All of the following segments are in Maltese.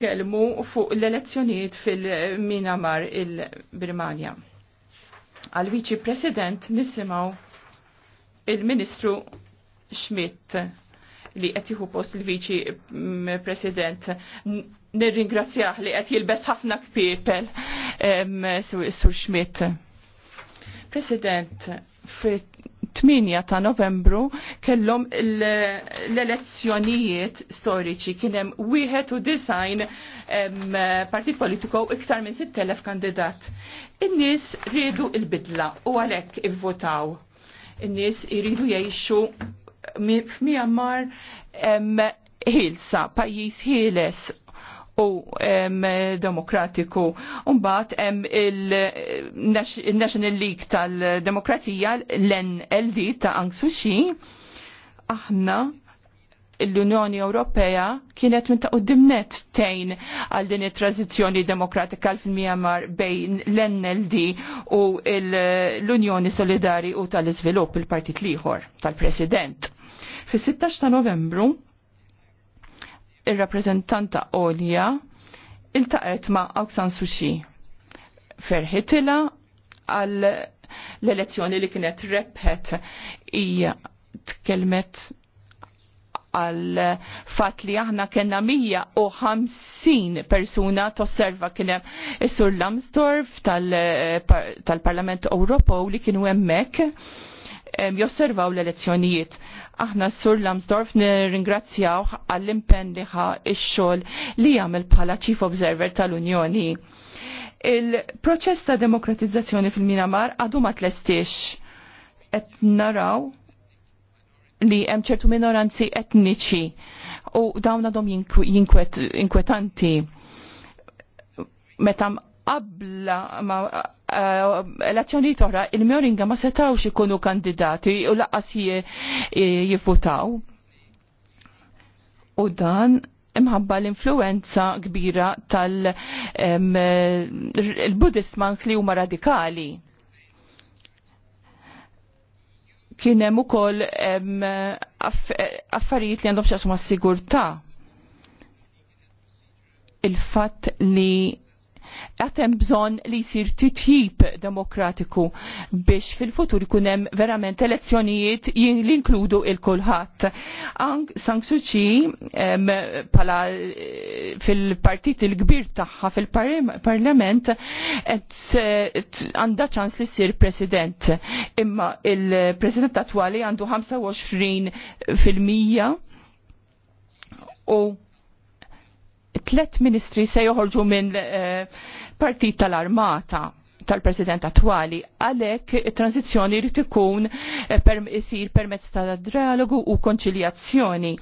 kelmu fuq l-elezzjoniet fil-Minamar il-Birmania. Għal-Viċi President nisimaw il-Ministru Schmidt li qed jieħu post il-Viċi President. Nirringrazzjah li qed jilbes ħafna kpiepel Sur Schmidt. President, 8 ta' novembru kellhom l-elezzjonijiet storiċi kien hemm wieħed u design partit politiku iktar minn 6000 kandidat. In-nies rridu il-bidla u għalhekk ivvotaw. In-nies iridu jgħixu f'Myanmar ħilsa, pajjiż ħieles u demokratiku. Umbat hemm il-National League tal-Demokratija l-NLD ta' Aung Suu aħna l-Unjoni Ewropea kienet minn ta' qoddimnet tejn għal din it-tranzizzjoni demokratika l myanmar bejn l-NLD u l-Unjoni Solidari u tal-Iżvilupp il-Partit liħor tal-President. Fis-16 ta' Novembru ir-rappreżentanta Olja il-taqet ma' Aung San Suu Kyi. Ferħitila għal l-elezzjoni li kienet rebħet hija tkellmet għal fat li aħna kena 150 persuna tosserva kienem Sur Lamsdorf tal-Parlament tal Ewropew li kienu hemmhekk josservaw l-elezzjonijiet. Aħna Sur Lamsdorf nirringrazzjaw għall-impenn li ħa ix-xogħol li jagħmel bħala Chief Observer tal-Unjoni. Il-proċess ta' demokratizzazzjoni fil-Minamar għadu ma tlestix. Et naraw li hemm ċertu minoranzi etniċi u dawn għadhom jinkwetanti. Meta qabla ma eh, elezzjoni toħra il-Mjoringa ma setawx ikunu kandidati u laqas jivvutaw. U dan imħabba l-influenza kbira tal-Buddhistmans li huma radikali. Kien hemm ukoll affarijiet li għandhom xasma s-sigurtà. Il-fatt li għatem bżon li jisir titjib demokratiku biex fil-futur kunem verament elezzjonijiet li inkludu il-kulħat. Ang Sang Suu Kyi pala eh, fil-partit il-kbir taħħa fil-parlament għanda ċans li jisir president. Imma il-president attuali għandu 25% u tlet ministri se joħorġu minn eh, partit tal-armata tal-President attuali. għalhekk it-tranzizzjoni jrid ikun eh, isir permezz tal dialogu u konċiljazzjoni.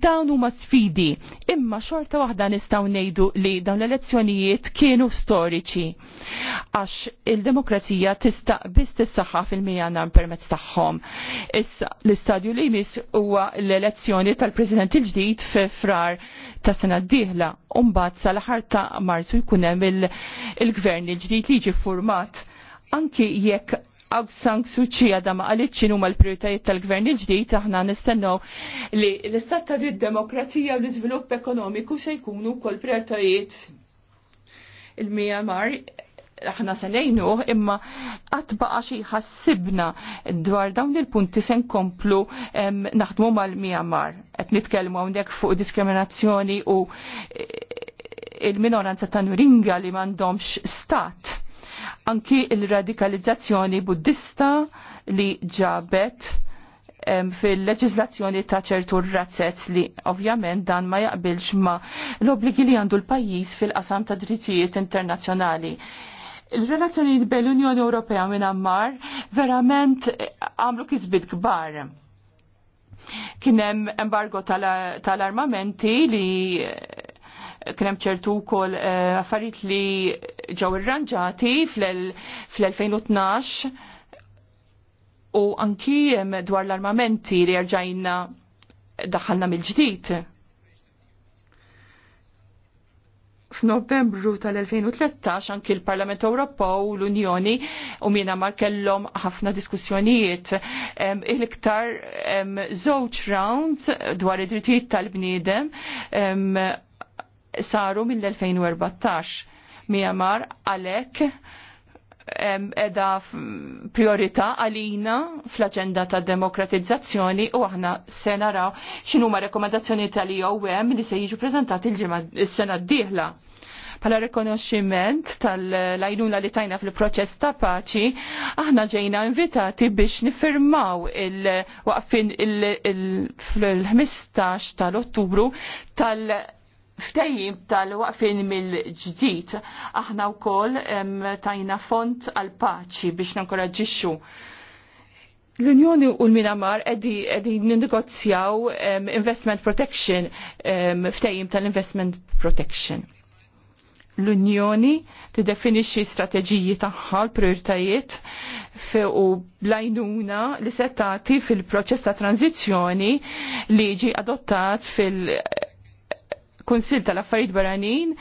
Dawn huma sfidi, imma xorta waħda nistgħu ngħidu li dawn l-elezzjonijiet kienu storiċi għax il-demokrazija tista' biss tissaħħa fil-mijana permezz tagħhom. Issa l-istadju li jmiss huwa l-elezzjoni tal-President il-ġdid fi frar ta' sena d-dieħla u mbagħad sal ħar ta' Marzu jkun hemm il-gvern il-ġdid li jiġi mat, anki jekk Aung San Suu Kyi għadha ma qalit huma l-prijoritajiet tal-gvern il-ġdid aħna nistennew li l-istat ta' demokrazija u l-iżvilupp ekonomiku se jkunu wkoll prijoritajiet il-Myanmar aħna se imma qatt baqa' xi ħassibna dwar dawn il-punti se nkomplu naħdmu mal-Myanmar. Qed nitkellmu hawnhekk fuq diskriminazzjoni u eh, il-minoranza ta' Nuringa li m'għandhomx stat anki il-radikalizzazzjoni buddista li ġabet fil-leġizlazzjoni ta' ċertu razzet li ovvjament dan ma jaqbilx ma l-obligi li għandu l-pajjiż fil-qasam ta' drittijiet internazzjonali. Il-relazzjoni bejn l-Unjoni Ewropea minn Ammar verament għamlu kisbit kbar. Kienem embargo tal-armamenti li eh, kienem ċertu kol eh, affarijiet li ġew irranġati fl-2012 u anki dwar l-armamenti li rġajna daħalna mill-ġdid. F'Novembru tal-2013 anki l-Parlament Ewropew u l-Unjoni u mina mar kellhom ħafna diskussjonijiet. Il-iktar żewġ rounds dwar id-drittijiet tal-bniedem saru mill-2014 Myanmar għalhekk edha priorita għalina fl-aġenda ta' demokratizzazzjoni u aħna se naraw x'inhuma rekomendazzjoni tal-IOM li se jiġu preżentati l-sena d-dieħla. Pala rekonoxximent tal-lajnuna li tajna fil-proċess ta' paċi, aħna ġejna invitati biex nifirmaw il-waqfin il-15 tal-Ottubru tal-, -ottubru tal ftejjim tal-waqfin mill-ġdid, aħna wkoll tajna font għal paċi biex nankoraġixxu. L-Unjoni u l-Minamar edi negozjaw investment protection, ftejjim tal-investment protection. L-Unjoni tiddefinixxi strateġiji tagħha l-prioritajiet u blajnuna li settati fil-proċess ta' tranzizzjoni li adottat fil- Kunsil tal-Affarijiet Barranin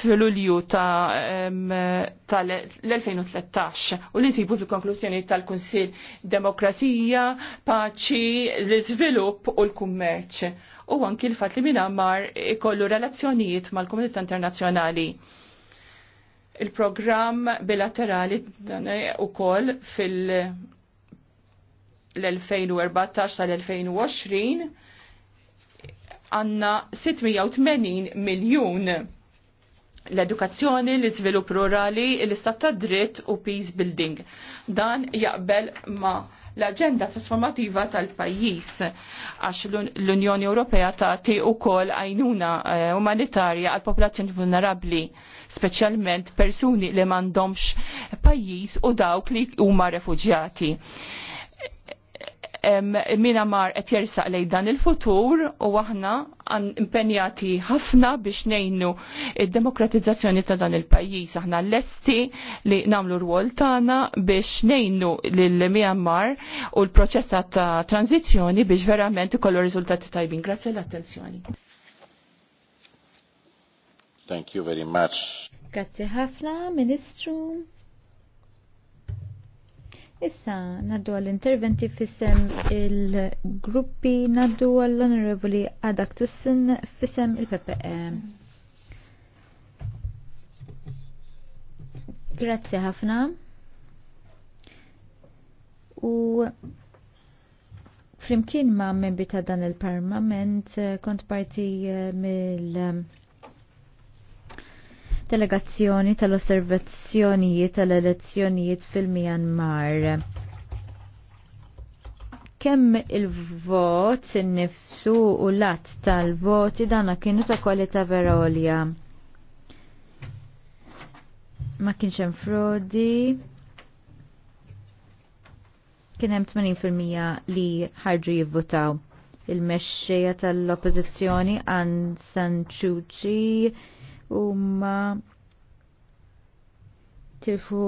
fil-Lulju tal-2013 u li nsibu fil-konklusjoni tal-Kunsil Demokrazija, Paċi, l-Iżvilupp u l-Kummerċ u anki l-fat li minna mar ikollu relazzjonijiet mal-Komunità Internazzjonali il-programm bilaterali u koll fil- l-2014 tal-2020 għanna 680 miljon l-edukazzjoni, l-izvilup rurali, l-istat ta' dritt u peace building. Dan jaqbel ma' l-agenda trasformativa tal-pajjiż għax l-Unjoni Ewropea tagħti wkoll għajnuna eh, umanitarja għal popolazzjoni vulnerabbli, speċjalment persuni li m'għandhomx pajjiż u dawk li huma refugjati mina mar qed jersaq lej dan il-futur u aħna impenjati ħafna biex nejnu id-demokratizzazzjoni ta' dan il-pajjiż. Aħna lesti li namlu rwol tagħna biex nejnu lil Myanmar u l-proċess ta' tranzizzjoni biex verament ikollu riżultati tajbin. Grazzi l-attenzjoni. Thank you very much. Grazzi ħafna, Ministru. Issa, naddu għall-interventi fissem il-gruppi, naddu għall-onorevoli Adak Tussin fissem il-PPE. Grazzi ħafna. U flimkien ma' membri ta' dan il-parlament kont parti eh, mill- delegazzjoni tal-osservazzjonijiet tal-elezzjonijiet fil-Myanmar. Kemm il-vot nifsu u lat tal-voti dana kienu ta' kwalità vera olja. Ma kienx hemm frodi. Kien hemm 80% li ħarġu jivvotaw. Il-mexxejja tal-oppożizzjoni għand San Chuchi u ma tifu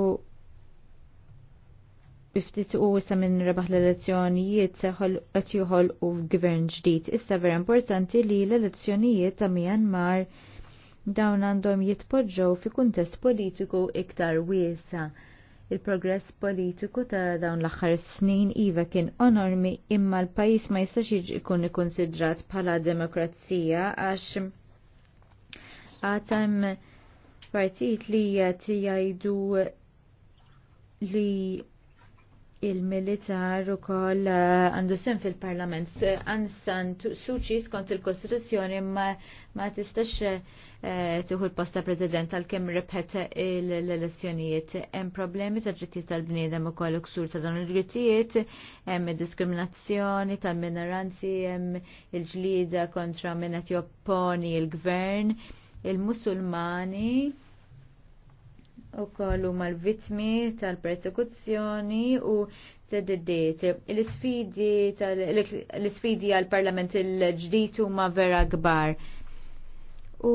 biftit u issa minn rebaħ l-elezzjonijiet seħol qed joħolqu f'gvern ġdid. Issa vera importanti li l-elezzjonijiet ta' Myanmar dawn għandhom jitpoġġew fi kuntest politiku iktar wiesa. Il-progress politiku ta' dawn l-aħħar snin iva kien onormi imma l-pajis ma jistax ikun ikkonsidrat bħala demokrazija għax għatem partit li jgħidu li il-militar u koll eh, għandu sen fil-parlament. Ansan, suċi skont il-Kostituzzjoni ma, ma tistax eh, tuħu l-posta prezident tal-kem repet l-elezzjonijiet. Hemm problemi ta' drittijiet tal-bniedem u koll ksur ta' dawn il-drittijiet, hemm diskriminazzjoni tal-minoranzi, hemm il-ġlida kontra minnet jopponi il-gvern. il gvern il-Musulmani u kollu mal-vitmi tal-persekuzzjoni u t-deddiet. L-sfidi għal-parlament il-ġdijt u ma vera gbar. U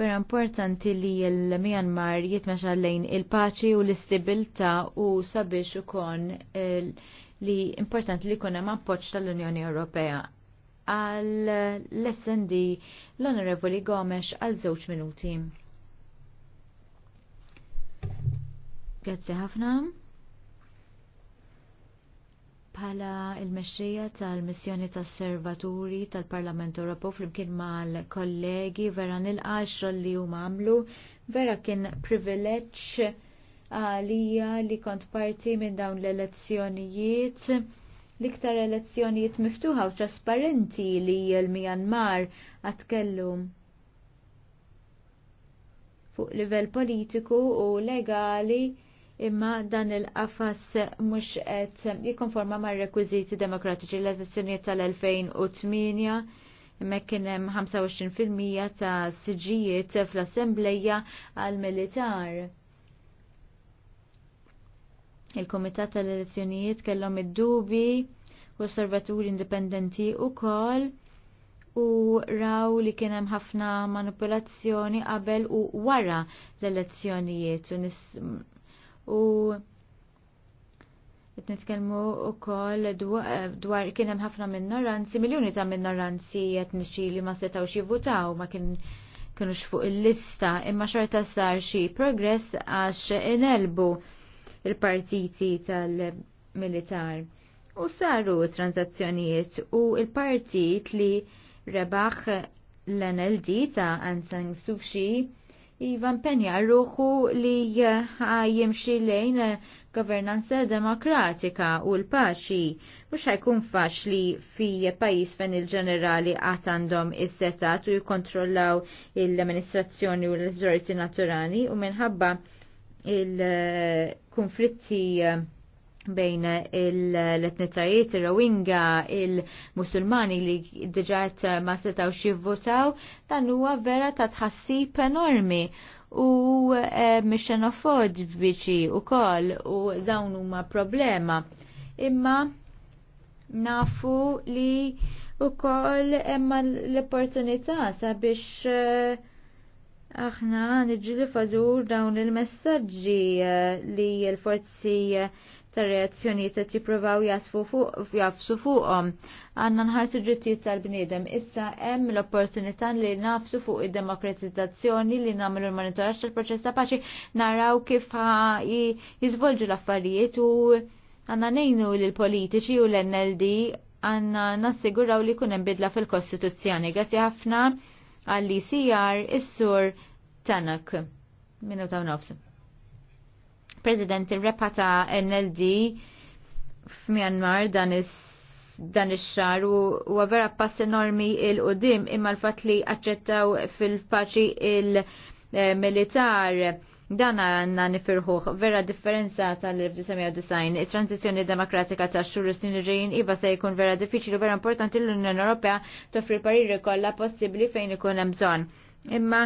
vera importanti li l-Myanmar jitmeċa lejn il-paċi u l-istibilta u sabiex u kon eh, li importanti li kuna ma' poċ tal-Unjoni Ewropea għal l-SND l-Onorevoli Gomes għal żewġ minuti. Grazzi ħafna. Bħala il-mexxija tal-missjoni tas-servaturi tal-Parlament Ewropew flimkien mal-kollegi vera nilqa li huma għamlu vera kien privileġġ għalija li kont parti minn dawn l-elezzjonijiet l-iktar elezzjonijiet miftuħa u trasparenti li l-Myanmar għatkellum fuq livell politiku u legali imma dan il-qafas mhux qed jikkonforma mar-rekwiżiti demokratiċi l-elezzjonijiet tal-2008 imma kien hemm 25% ta' siġijiet fl-assembleja għal-militar Il-Komitat tal-Elezzjonijiet kellhom id-dubi u osservaturi indipendenti u u raw li kien hemm ħafna manipolazzjoni qabel u wara l-elezzjonijiet u qed nitkellmu wkoll dwar kien hemm ħafna minoranzi, miljuni ta' minoranzi etniċi li ma setgħux jivvutaw ma kien kienux fuq il-lista imma xorta sar xi progress għax inelbu il-partiti tal-militar. U saru tranzazzjonijiet u il-partit li rebaħ l-NLD ta' Ansang Sufxi Ivan Penja rruħu li jimxi lejn governanza demokratika u l-paċi. Mux ħajkun faċli fi pajis fen il-ġenerali għatandom għandhom is-setat u jikontrollaw l-amministrazzjoni u l-rizorsi naturali u minħabba il-konflitti eh, bejn l-etnitajiet, il rawinga il-Musulmani li diġat ma setaw xivvotaw, dan huwa vera ta' tħassib enormi u eh, mxenofod biċi u koll u dawn huma problema. Imma nafu li u koll emma l-opportunità sabiex eh, aħna niġri fadur dawn il-messaġġi eh, li l-forzi tar eh, reazzjoni ta' jipruvaw jasfu jafsu fuqhom. Għanna nħarsu ġrittijiet tal-bniedem. Issa hemm l-opportunità li nafsu fuq id-demokratizzazzjoni li nagħmlu l-monitoraġġ tal-proċess ta' paċi naraw kif jiżvolġu l-affarijiet u għandna ngħinu lill politiċi u l-NLD għandna nassiguraw li jkun hemm bidla fil-Kostituzzjoni. Grazie ħafna għalli sijar is-sur Tanak. Minu ta' nofs. President il-repa ta' NLD f'Myanmar dan is dan ix-xar u vera pass enormi il-qudiem imma l-fatt li aċċettaw fil-paċi il-militar Dan għanna nifirħuħ vera differenza tal-1990, il-transizjoni demokratika ta' xhur snin ġejjin iva se jkun vera diffiċli vera importanti l-Unjoni Ewropea toffri pariri kollha possibbli fejn ikun hemm bżonn. Imma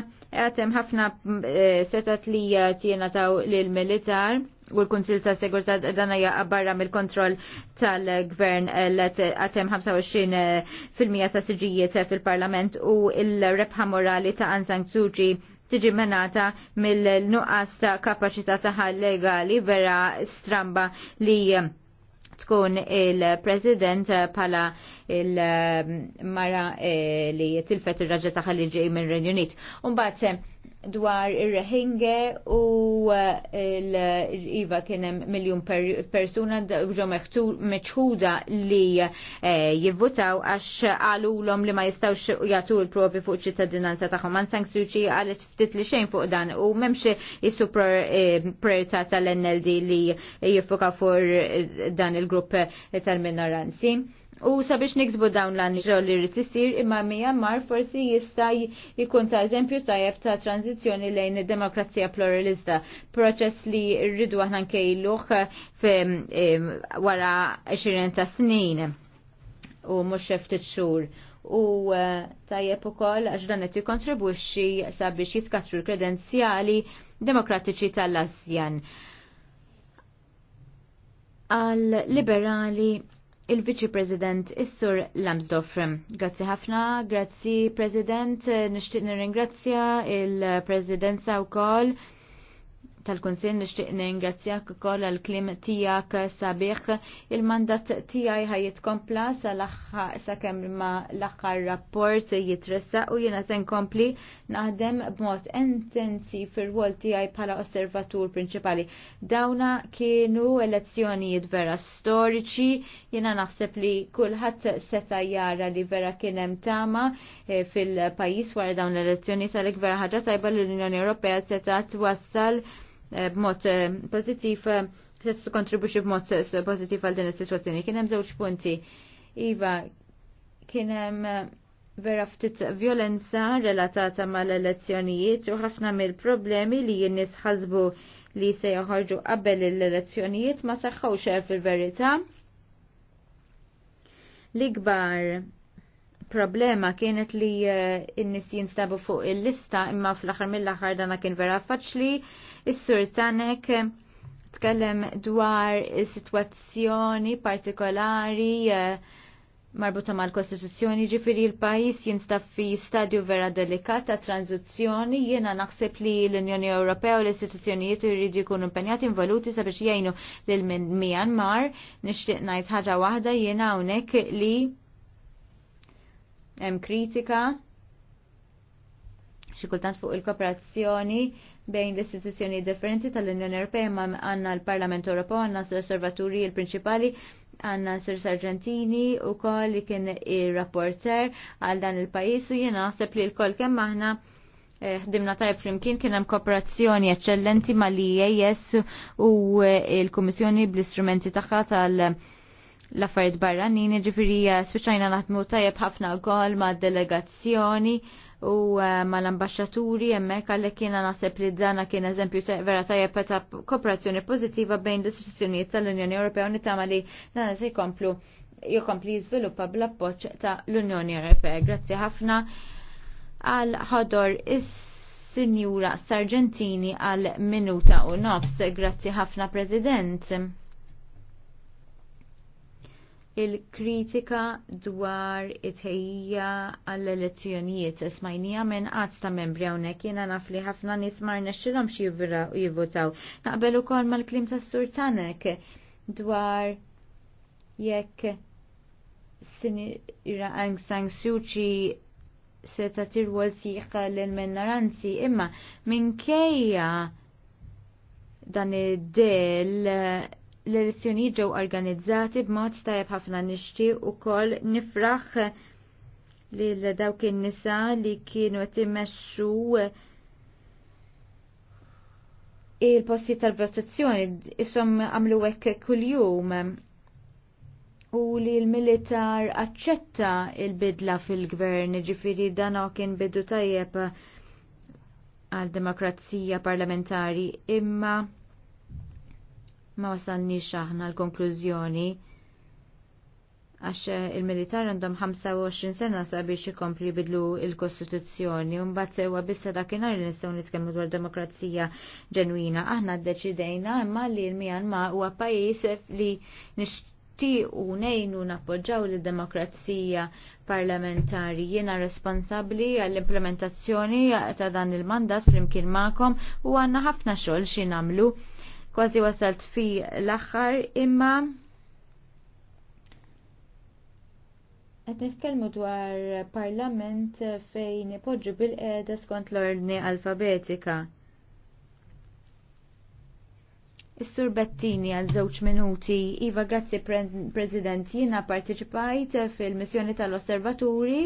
għatem ħafna eh, setat li tiena taw lill-militar u l-Kunsil ta' Segurtà dana barra mill-kontroll tal-Gvern let għatem 25% ta' siġijiet fil-Parlament u il-rebħa morali ta' Aung Suġi tiġi menata mill-nuqqas ta' kapacità taħħa legali vera stramba li tkun il-president pala il-mara eh, li tilfet il-raġa taħħa li ġej minn Renjunit. Unbat, dwar ir-Rehinge u uh, l-Iva kienem miljon persuna ġo meċħuda li eh, jivvutaw għax għalu l-om li ma jistawx jgħatu l propi fuq ċittadinanza taħħom. Man Sang Suċi għalet ftit li xejn fuq dan u memxie jissu prerita eh, tal-NLD li jiffuka fuq dan il-grupp tal-minoranzi. U sabiex niksbu dawn l-għan li rrit isir imma mija mar forsi jista' jkun ta' eżempju tajjeb ta' tranzizjoni lejn id-demokrazija pluralista, proċess li rridu aħna nkejluh wara 20 ta' snin u mhux ftit xur. u eh, tajjeb ukoll għax dan qed jikkontribwixxi sabiex jiskatru l-kredenzjali demokratiċi tal-ASEAN. Għal liberali il-Viċi President Issur Lamsdorf. Grazzi ħafna, grazzi President, nishtiq nirringrazzja il-Presidenza u koll tal-Kunsil nixtieq ningrazzjak ukoll għal klim tiegħek sabiħ. Il-mandat tiegħi ħajitkompla sakemm ma l-aħħar rapport jitressaq u jiena se nkompli naħdem b'mod intensi fir-rwol tiegħi bħala osservatur prinċipali. Dawna kienu elezzjonijiet vera storiċi, jiena naħseb li kulħadd seta' jara li vera kien hemm tama eh, fil-pajjiż wara dawn l-elezzjoni tal-ikvera ħaġa tajba l-Unjoni Ewropea seta' twassal Eh, b'mod eh, pozittiv eh, se kontribuxi b'mod pozittiv għal din is-sitwazzjoni. Kien hemm żewġ punti. Iva, kien hemm vera ftit violenza relatata mal-elezzjonijiet u ħafna mill-problemi li jien ħasbu li se joħorġu qabel l-elezzjonijiet ma saħħawx fil-verità. L-ikbar problema kienet li eh, n-nis jinstabu fuq il-lista imma fl-axar mill-axar dana kien vera faċli. Is-sur Tanek eh, tkellem dwar situazzjoni partikolari eh, marbuta mal-Kostituzzjoni ġifiri l-pajis jinstab fi stadju vera delikat tranzizzjoni jiena naħseb li l-Unjoni Ewropea u l-istituzzjonijiet jridu jkunu impenjati involuti sabiex jgħinu lil Myanmar nixtieq ngħid ħaġa waħda jiena hawnhekk li hemm kritika xi kultant fuq il-kooperazzjoni bejn l-istituzzjoni differenti tal-Unjoni Ewropea ma għandna l-Parlament Ewropew għandna l-osservaturi l-prinċipali għandna Sir Sargentini u koll li kien ir-rapporter għal dan il pajjiż u jiena naħseb li l-koll kemm aħna eh, ħdimna tajb flimkien kien hemm kooperazzjoni eċċellenti mal-IAS u eh, l-Kummissjoni bl-istrumenti tagħha tal- l-affarijiet barranin, ġifiri eh, spiċajna naħdmu tajjeb ħafna gol ma' delegazzjoni u eh, ma' l-ambasċaturi emmek għalli kiena naħseb li dana kien eżempju vera tajjeb ta' kooperazzjoni pozittiva bejn l-istituzzjonijiet tal-Unjoni Ewropea u nitama li dana se jkomplu jkompli jiżviluppa bl-appoċ ta' l-Unjoni Ewropea. Grazzi ħafna għal ħodor is Sinjura Sargentini għal minuta u nofs. Grazzi ħafna President il-kritika dwar it-ħejja għall-elezzjonijiet smajnija minn qatt ta' membri hawnhekk jiena naf li ħafna nies ma rnexxilhom jivvotaw. Naqbel ukoll mal-klim tas surtanek dwar jekk sinira Aung San suċi se ta' tirwol sieħa l minnaranzi imma minkejja dan id-del l-elezzjoni ġew organizzati b'mod tajjeb ħafna u koll nifraħ lil dawk il nisa li kienu qed il-posti tal-votazzjoni isom għamlu hekk kuljum u li l-militar aċċetta il-bidla fil-gvern, ġifiri dan kien bidu tajjeb għal demokrazija parlamentari imma ma wasalni aħna l-konklużjoni għax eh, il-militar għandhom 25 sena sabiex ikompli bidlu il-Kostituzzjoni, un bat sewa bissa dakinar li nistgħu nitkellmu dwar demokrazija ġenwina. Aħna ddeċidejna imma li l-Mjanma huwa pajjiż li nixtiequ nejnu nappoġġaw lid demokrazija parlamentari. Jiena responsabbli għall-implementazzjoni ta' dan il-mandat flimkien ma'kom u għandna ħafna xogħol xi nagħmlu kważi wasalt fi l-aħħar imma Qed nitkellmu dwar parlament fejn ipoġġu bil-qeda skont l-ordni alfabetika. Is-Sur Bettini għal żewġ minuti. Iva, grazzi President, jiena parteċipajt fil-missjoni tal-osservaturi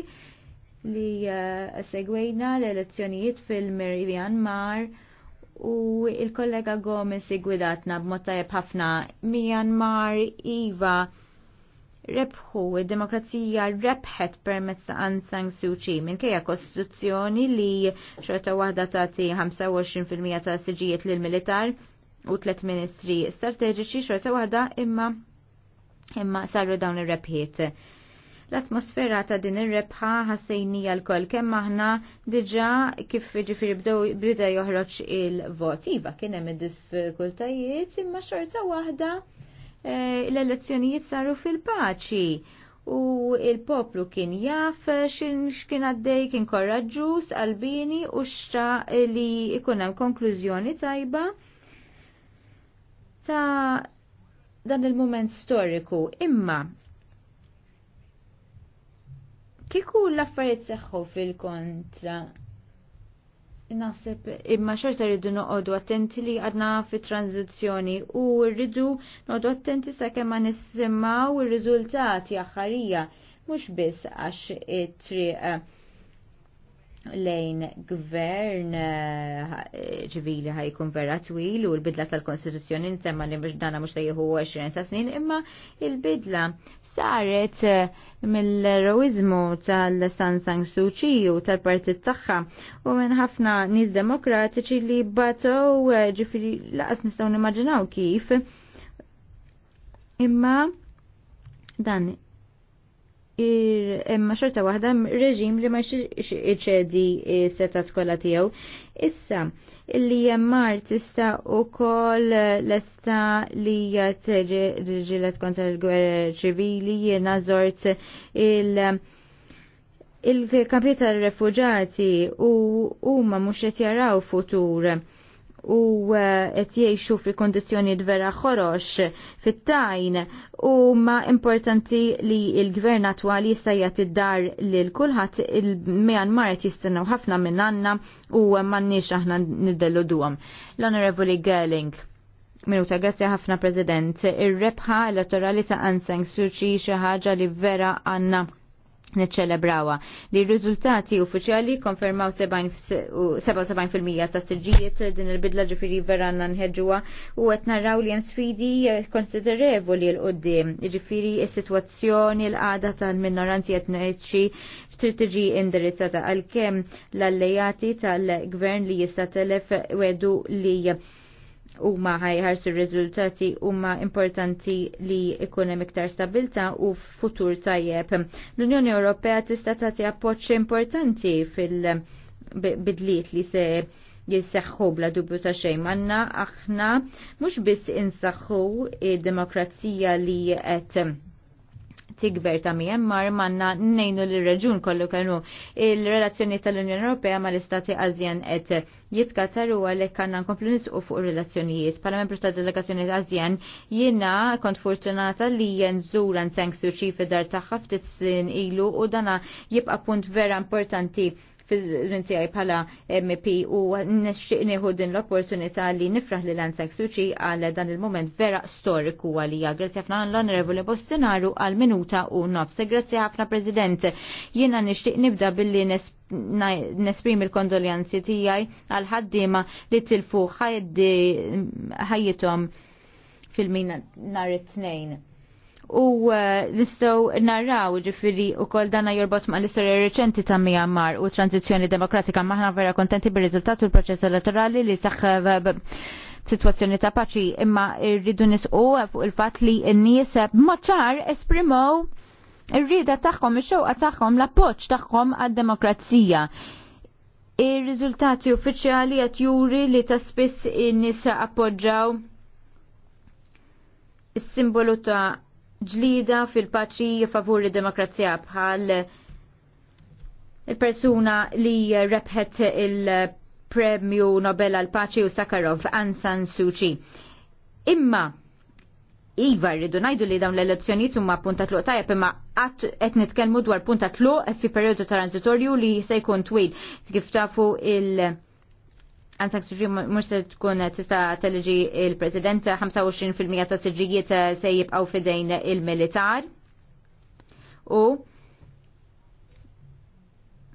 li eh, segwejna l-elezzjonijiet fil-Mirjan Mar u il-kollega Gomez igwidatna b'mod tajjeb ħafna Myanmar Iva rebħu id-demokrazija rebħet permezz Aung San Suu minn minkejja kostituzzjoni li xorta waħda tagħti 25% ta' siġijiet lil militar u tliet ministri strateġiċi xorta waħda imma imma saru dawn ir-rebħiet. L-atmosfera ta' din ir-rebħa ħassejnija l-koll kemm aħna diġà kif ġifieri bida joħroġ il-vot. Iva kien hemm id-diffikultajiet imma xorta waħda eh, l-elezzjonijiet saru fil-paċi u il-poplu kien jaf x'kien għaddej kien korraġus għalbini u xta li ikun hemm konklużjoni tajba ta' dan il-moment storiku. Imma Kiku l-affarijiet seħħu fil-kontra Nasib, imma xorta rridu noqogħdu attenti li għadna fi tranzizjoni u rridu noqogħdu attenti sakemm ma nisimgħu ir-riżultati aħħarija mhux biss għax it-triq lejn gvern eh, ċivili ħajkun vera twil u l-bidla tal-Konstituzzjoni nsemma li mhux dana mhux se jieħu 20 ta' snin imma l-bidla saret eh, mill-eroizmu tal-San Sang Suu Kyi u tal-partit tagħha u minn ħafna nies demokratiċi li batow eh, ġifieri laqas nistgħu nimmaġinaw kif imma dan Emma xorta waħda reġim li ma iċedi seta kolla tiegħu. Issa, li jemmar tista u koll l-esta li jgħat kontra l-gwerra ċivili jena zort il- il-kampieta l refuġati u huma mhux qed jaraw futur u eh, qed jgħixu fi kondizzjonijiet vera ħorox fit-tajn u ma importanti li l-gvern attwali jista' jagħti dar lil kulħadd il-Myanmar qed jistennew ħafna minn għandna u m'għandniex aħna niddelluduhom. L-Onorevoli Gerling. Minuta, grazzi ħafna President. Ir-rebħa elettorali ta' Ansang Suċi xi ħaġa li vera għandna neċċelebrawa li r-riżultati uffiċjali konfermaw 77% ta' stiġijiet din il-bidla ġifiri veranna nħedġuwa u qed narraw li hemm sfidi konsiderevoli l qoddim ġifiri il sitwazzjoni l għada tal-minoranzi etniċi trid tiġi indirizzata għalkemm l-allejati tal-gvern li jista' telef wedu li huma ħajħarsu r-riżultati huma importanti li ikun hemm iktar stabilta u futur tajjeb. L-Unjoni Ewropea tista' tagħti appoġġ importanti fil-bidliet li se jisseħħu bla dubju ta' xejn manna aħna mhux biss insaħħu id-demokrazija li qed Tigber ta' Myanmar manna nejnu l reġun kollu kellu il-relazzjoni tal-Unjoni Ewropea ma l-Istati ASEAN et jitkataru għalek kanna nkomplu nisqu fuq relazzjonijiet. Pala membru ta' delegazzjoni ASEAN jiena kont fortunata li jenżura nseng suċi fid-dar tagħha ftit sin ilu u dana jibqa' punt vera importanti fil-rinzijaj pala MP u nixxieq nieħu din l-opportunità li nifraħ li Lanzak Suċi għal dan il-moment vera storiku għalija. Grazzi ħafna l-Onorevoli Bostinaru għal minuta u nofs. Grazzi ħafna President. Jiena nixtieq nibda billi nesprim il-kondoljanzi tijaj għal-ħaddima li tilfu ħajjetom fil-mina nar it-tnejn u uh, nistow narraw ġifiri u kol dana jorbot ma l-istoria reċenti ta' Myanmar u tranzizjoni demokratika maħna vera kontenti bil-rizultat l-proċess elettorali li saħ situazzjoni ta' paċi imma rridu nisqu fuq il-fat li n-nies maċar esprimow ir-rida tagħhom, ix-xewqa tagħhom, l-appoġġ tagħhom għad-demokrazija. Ir-riżultati uffiċjali qed juri li ta' spiss in-nisa appoġġaw is-simbolu ta' ġlida fil-paċi favur id-demokrazija bħal il-persuna li rebħet il-premju Nobel għal paċi u Sakharov Ansan Suċi. Imma Iva, rridu najdu li dawn l-elezzjoniet huma punta tluq tajjeb imma qatt qed nitkellmu dwar punta tluq fi perjodu transitorju li se jkun twil. Kif tafu il- għansak suġi mux se tkun tista teleġi il-president 25% ta' suġijiet se jibqaw fidejn il-militar u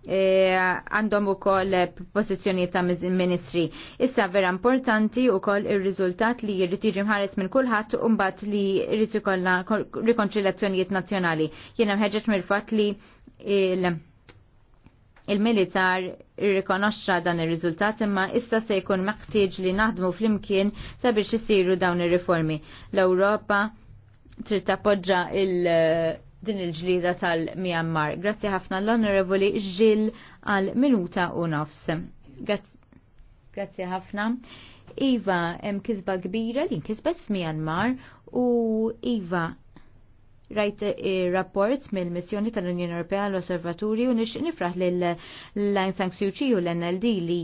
e, għandhom u koll pozizjoni ta' ministri. Issa vera importanti u koll il-rizultat li jirriti jiġi mħares minn kulħadd umbat li jirrit ikollna rikonċilazzjonijiet nazzjonali. Jena mħeġġeġ mill-fatt li il-militar irrikonoxxa dan ir-riżultat imma issa se jkun meħtieġ li naħdmu flimkien sabiex isiru dawn ir-riformi. L-Ewropa trid tappoġġa il- din il-ġlida tal-Myanmar. Grazzi ħafna l-Onorevoli ġil għal minuta u nofs. Grazzi ħafna. Iva, hemm kisba kbira li nkisbet f'Myanmar u Iva rajt rapport mill-missjoni tal-Unjoni Ewropea l-Osservaturi u nixtieq nifraħ l Lang San Suu Kyi u l-NLD li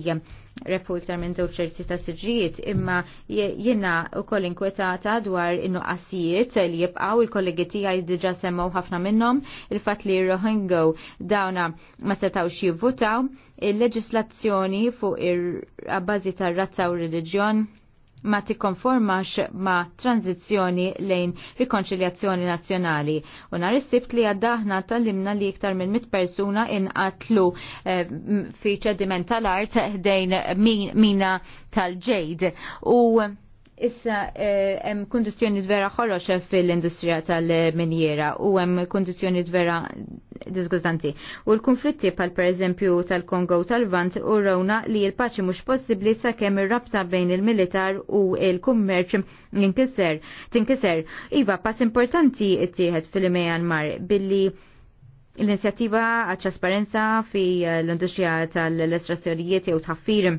repu iktar minn żewġ ċerti ta' Siġijiet imma jiena wkoll inkwetata dwar in-nuqqasijiet li jibqaw il-kollegi tiegħi diġà semmew ħafna minnhom il-fatt li Rohingo dawna ma setgħux jivvutaw il-leġislazzjoni fuq ir-abbażi tar-razza u r-reliġjon ma tikkonformax ma tranzizzjoni lejn rikonċiljazzjoni nazzjonali. U nhar is-sibt li għaddaħna tal limna li iktar minn mit persuna inqatlu eh, fi ċediment tal-art ħdejn mina tal-ġejd. U Issa eh, hemm kondizjoni vera ħorox fil-industrija tal-minjera u hemm kondizjoni vera disgustanti. U l-konflitti pal pereżempju tal-Kongo tal-Vant u Rona li l-paċi mhux possibbli sakemm ir-rabta bejn il-militar u l-kummerċ jinkisser. Tinkiser, iva pass importanti ttieħed fil Mar billi l-inizjattiva għat trasparenza fi l-industrija tal-estrazzjonijiet jew tħaffir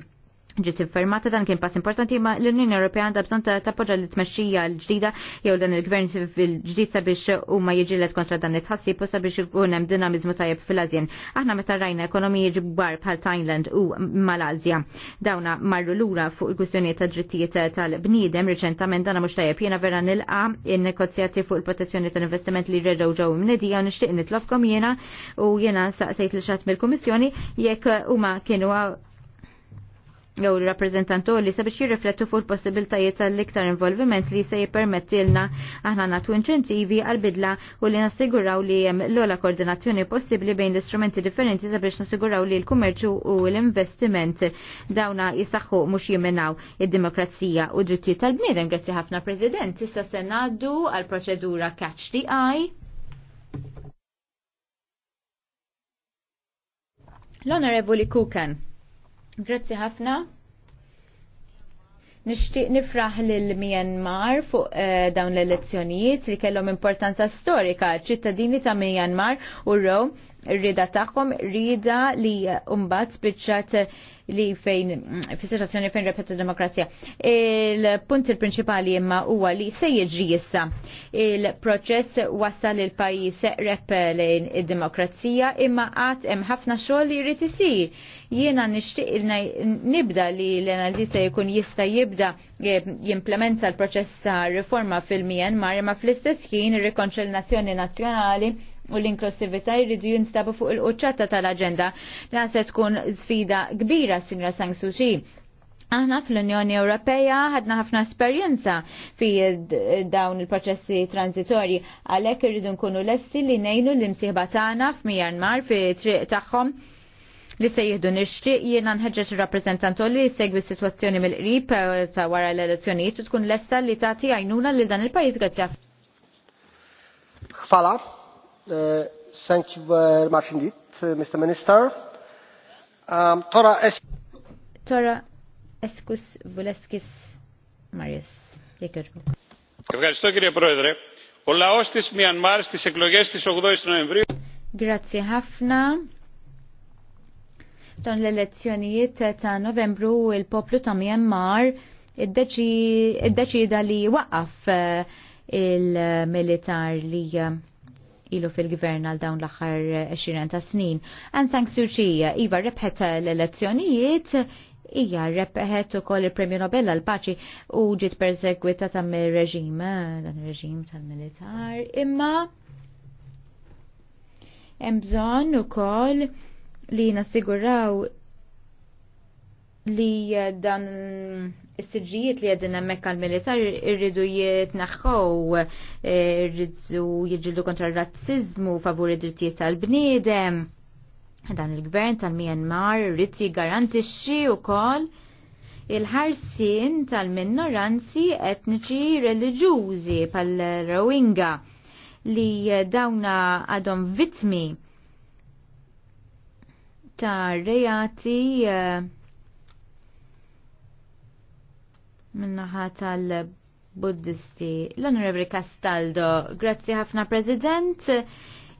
ġiet infermata dan kien pass importanti ma l-Unjoni Ewropea għandha bżonn tappoġġa l tmexxija l-ġdida jew dan il-gvern fil-ġdid sabiex huma jiġilet kontra dan it-ħassib u sabiex ikun hemm dinamiżmu tajjeb fil-Asjen. Aħna meta rajna ekonomiji ġbar bħal Thailand u Malasja. Dawna marru lura fuq il-kwistjonijiet ta' drittijiet tal-bniedem riċentament dana mhux tajjeb jiena vera nilqa in-negozjati fuq il-protezzjoni tal-investiment li reġgħu ġew mnedija u nixtieq nitlobkom jiena u jiena saqsejt l xatt mill-Kummissjoni jekk huma kienu jew rappreżentantu li sabiex jirriflettu fuq il-possibiltajiet tal-iktar involviment li se jippermettilna aħna nagħtu inċentivi għal-bidla u li nassiguraw li hemm l-ola koordinazzjoni possibbli bejn l-istrumenti differenti sabiex nassiguraw li l-kummerċu u l-investiment dawna jisaxħu mhux jimenaw id-demokrazija u drittijiet tal-bniedem. Grazzi ħafna President, Issa se ngħaddu għal-proċedura catch the eye. L-Onorevoli Kukan. Grazzi ħafna. Nishtiq nifraħ lil Myanmar fuq uh, dawn l-elezzjonijiet li kellhom importanza storika ċittadini ta' Myanmar u row R-rida tagħhom rida li mbagħad spiċċat li fejn fis-sitwazzjoni fejn repet demokrazija. Il-punt il-prinċipali imma huwa li se jiġri issa il-proċess wassal il pajjiż rep lejn id-demokrazija imma qatt hemm ħafna xogħol li jrid isir. Jiena nixtieq nibda li l li se jkun jista' jibda eh, jimplementa l-proċess ta' riforma fil-Myanmar imma fl-istess ħin ir-rikonċilnazzjoni nazzjonali u l-inklusivita jridu jinstabu fuq il-qoċċata tal-agenda. La se tkun sfida kbira, Sinra Sang Suċi. Aħna fl-Unjoni Ewropea ħadna ħafna esperjenza fi dawn il-proċessi transitorji għalhekk irridu nkunu lessi li ngħinu l-imsieħba tagħna f'Myanmar fi triq tagħhom li se jihdu nixtieq jiena nħeġġeġ ir-rappreżentantu li segwi s-sitwazzjoni mill-qrib eh, ta' wara l-elezzjonijiet u tkun lesta li tagħti għajnuna lil dan il-pajjiż grazzi. Ħfala. Uh, thank you very much indeed, uh, Mr. Minister. Um, Tora, es Tora Eskus Vuleskis Marius. Ευχαριστώ κύριε Πρόεδρε. Ο λαός της Μιανμάρ στις εκλογές της 8ης Νοεμβρίου. Grazie ħafna. Ton l-elezzjonijiet ta' Novembru il-poplu ta' Myanmar id-deċida li waqaf eh, il-militar li eh, ilu fil-gvern għal dawn l-axar 20 ta' snin. an San Suu Kyi iva rebħet l-elezzjonijiet ija rebħet u koll il-Premju Nobel għal-Paċi u ġiet persegwita ta' reġim dan reġim tal-militar, imma hemm bżonn ukoll li nassiguraw li dan is sġijiet li għedin hemmhekk għall-militar irridu jitnaħħow, irridu jiġġieldu kontra r-razziżmu favur id-drittijiet tal-bniedem. Dan il-gvern tal-Myanmar irrid jiggarantixxi wkoll il-ħarsien tal-minoranzi etniċi reliġjużi pal rawinga li dawna għadhom vittmi ta' rejati uh, eh, Minnaħa tal-Buddisti, l-Onorevoli Castaldo, grazzi ħafna President.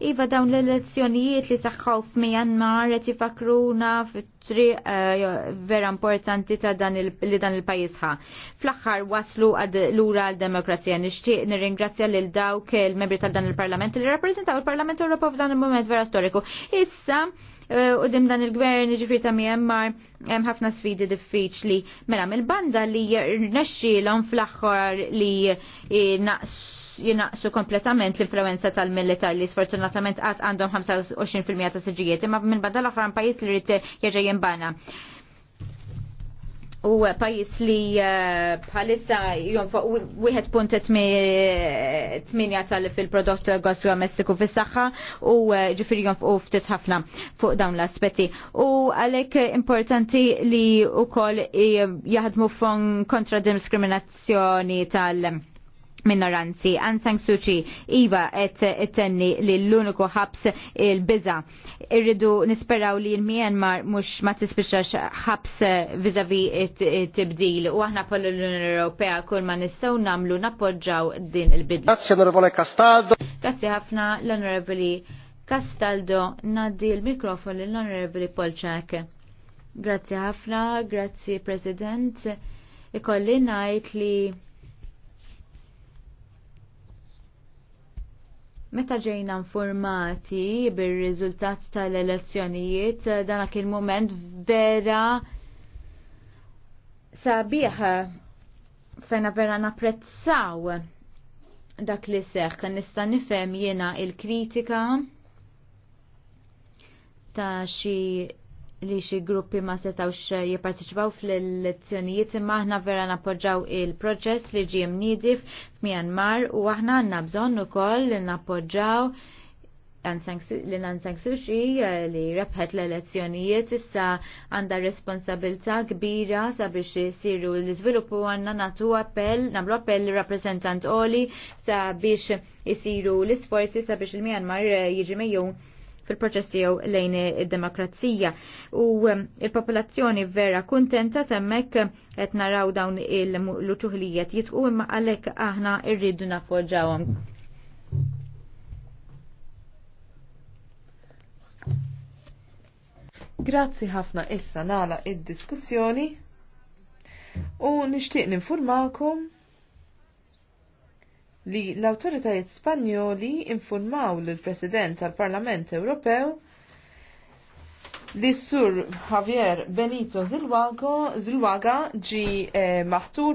Iva dawn l-elezzjonijiet li saħħaw f'Myanmar qed jifakruna fit eh, vera importanti ta' dan li dan il-pajjiż ħa. Fl-aħħar waslu għad lura għal-demokrazija nixtieq nirringrazzja lil dawk il-membri tal dan il-Parlament li rappreżentaw il-Parlament Ewropew f'dan il-moment vera storiku. Issa Eh, u dim dan il-gvern ġifir ta' Myanmar hemm ħafna sfidi diffiċli. Mela mill-banda li rnexxilhom fl-aħħar li jinaqsu kompletament l-influenza tal-militar li sfortunatament għat għandhom 25% ta' siġijiet, imma minn l-aħħar pajis li rrit jaġa jimbana u pajis li eh, bħalissa jonfoq tminja tal fil-prodott gross domestiku fis-saħħa u eh, ġifieri jonfoq ftit ħafna fuq dawn l-aspetti. U għalhekk importanti li wkoll jaħdmu fon kontra diskriminazzjoni tal- minoranzi. Aung San Suu Kyi iva qed ittenni li l-uniku ħabs il biza Irridu nisperaw li l-Myanmar mhux ma tispiċċax ħabs viżavi tibdil u aħna pol l-Unjoni Ewropea kull ma nistaw nagħmlu napoġġaw din il-bidla. Grazie, Onorevole Castaldo. Grazzi ħafna l-Onorevoli Castaldo naddi l-mikrofon l-Onorevoli Polċak. Grazzi ħafna, grazzi President. Ikolli najt li Meta ġejna informati bir-riżultat tal-elezzjonijiet, dan kien moment vera sabiħ sajna vera napprezzaw dak li seħ kan nista' nifhem jiena il-kritika ta' xi li xi gruppi ma setawx jipparteċipaw fl-elezzjonijiet imma aħna vera nappoġġaw il-proċess li ġie mnidif f'Myanmar u aħna għandna bżonn ukoll li nappoġġaw li Nansang Sushi eh, li rebħet l-elezzjonijiet issa għandha responsabilta kbira sabiex isiru l-iżviluppu għandna natu appell, namlu appell l rappreżentant Oli sabiex isiru l-isforzi sabiex il-Myanmar eh, jiġi mejjun fil-proċess tiegħu lejn id-demokrazija. U um, il-popolazzjoni vera kuntenta temmek qed naraw dawn il-luċuħlijiet jitqu imma għalhekk aħna rridu nafoġawhom. Grazzi ħafna issa nala id-diskussjoni u nixtieq ninformalkom li l-autoritajiet Spanjoli informaw l-President tal-Parlament Ewropew li sur Javier Benito Zilwago, Zilwaga ġi eh, maħtur